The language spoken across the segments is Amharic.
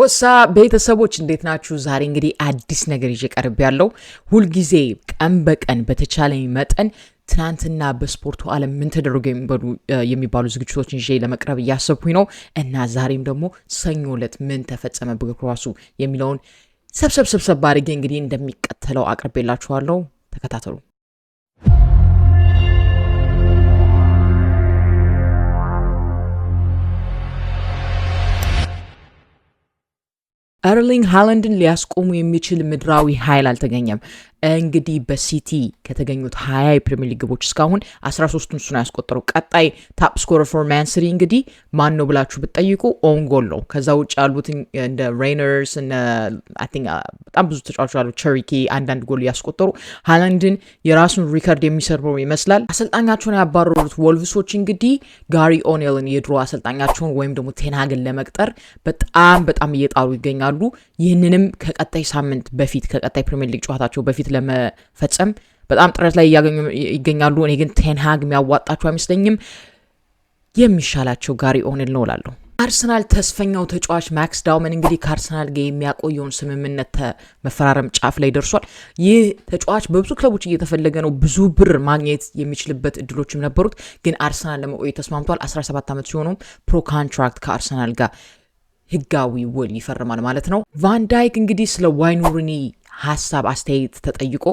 ወሳ ቤተሰቦች እንዴት ናችሁ? ዛሬ እንግዲህ አዲስ ነገር ይዤ ቀርብ ያለው ሁልጊዜ ቀን በቀን በተቻለኝ መጠን ትናንትና በስፖርቱ ዓለም ምን ተደረጉ የሚባሉ ዝግጅቶችን ይዤ ለመቅረብ እያሰብኩኝ ነው እና ዛሬም ደግሞ ሰኞ ዕለት ምን ተፈጸመ በእግር ኳሱ የሚለውን ሰብሰብ ሰብሰብ አድርጌ እንግዲህ እንደሚቀተለው አቅርቤላችኋለሁ። ተከታተሉ። ኤርሊንግ ሃላንድን ሊያስቆሙ የሚችል ምድራዊ ኃይል አልተገኘም። እንግዲህ በሲቲ ከተገኙት ሀያ የፕሪሚየር ሊግ ግቦች እስካሁን 13 ሶስቱን እሱ ያስቆጠረው። ቀጣይ ታፕ ስኮረር ፎር ማንስሪ እንግዲህ ማን ነው ብላችሁ ብትጠይቁ ኦንጎል ነው። ከዛ ውጭ ያሉት እንደ ሬይነርስ በጣም ብዙ ተጫዋቾች ያሉ ቸሪኪ አንዳንድ ጎል ያስቆጠሩ ሃላንድን የራሱን ሪከርድ የሚሰርበው ይመስላል። አሰልጣኛቸውን ያባረሩት ወልቭሶች እንግዲህ ጋሪ ኦኔልን የድሮ አሰልጣኛቸውን ወይም ደግሞ ቴናግን ለመቅጠር በጣም በጣም እየጣሩ ይገኛሉ። ይህንንም ከቀጣይ ሳምንት በፊት ከቀጣይ ፕሪሚየር ሊግ ጨዋታቸው በፊት ስኬት ለመፈጸም በጣም ጥረት ላይ ይገኛሉ። እኔ ግን ቴንሃግ የሚያዋጣቸው አይመስለኝም። የሚሻላቸው ጋሪ ኦኔል ነው እላለሁ። አርሰናል ተስፈኛው ተጫዋች ማክስ ዳውመን እንግዲህ ከአርሰናል ጋር የሚያቆየውን ስምምነት መፈራረም ጫፍ ላይ ደርሷል። ይህ ተጫዋች በብዙ ክለቦች እየተፈለገ ነው። ብዙ ብር ማግኘት የሚችልበት እድሎችም ነበሩት፣ ግን አርሰናል ለመቆየት ተስማምቷል። 17 ዓመት ሲሆነውም ፕሮ ካንትራክት ከአርሰናል ጋር ህጋዊ ውል ይፈርማል ማለት ነው። ቫንዳይክ እንግዲህ ስለ ዋይን ሩኒ ሀሳብ አስተያየት ተጠይቆ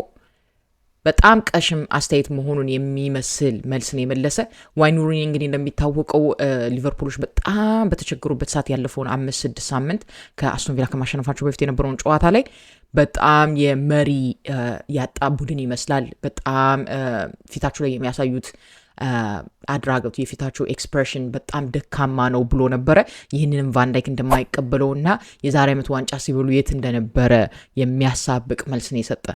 በጣም ቀሽም አስተያየት መሆኑን የሚመስል መልስን የመለሰ ዋይን ሩኒ እንግዲህ እንደሚታወቀው ሊቨርፑሎች በጣም በተቸገሩበት ሰዓት ያለፈውን አምስት ስድስት ሳምንት ከአስቶን ቪላ ከማሸነፋቸው በፊት የነበረውን ጨዋታ ላይ በጣም የመሪ ያጣ ቡድን ይመስላል። በጣም ፊታቸው ላይ የሚያሳዩት አድራጎቱ የፊታቸው ኤክስፕሬሽን በጣም ደካማ ነው ብሎ ነበረ። ይህንንም ቫንዳይክ እና የዛሬ ዓመት ዋንጫ ሲበሉ የት እንደነበረ የሚያሳብቅ መልስን የሰጠ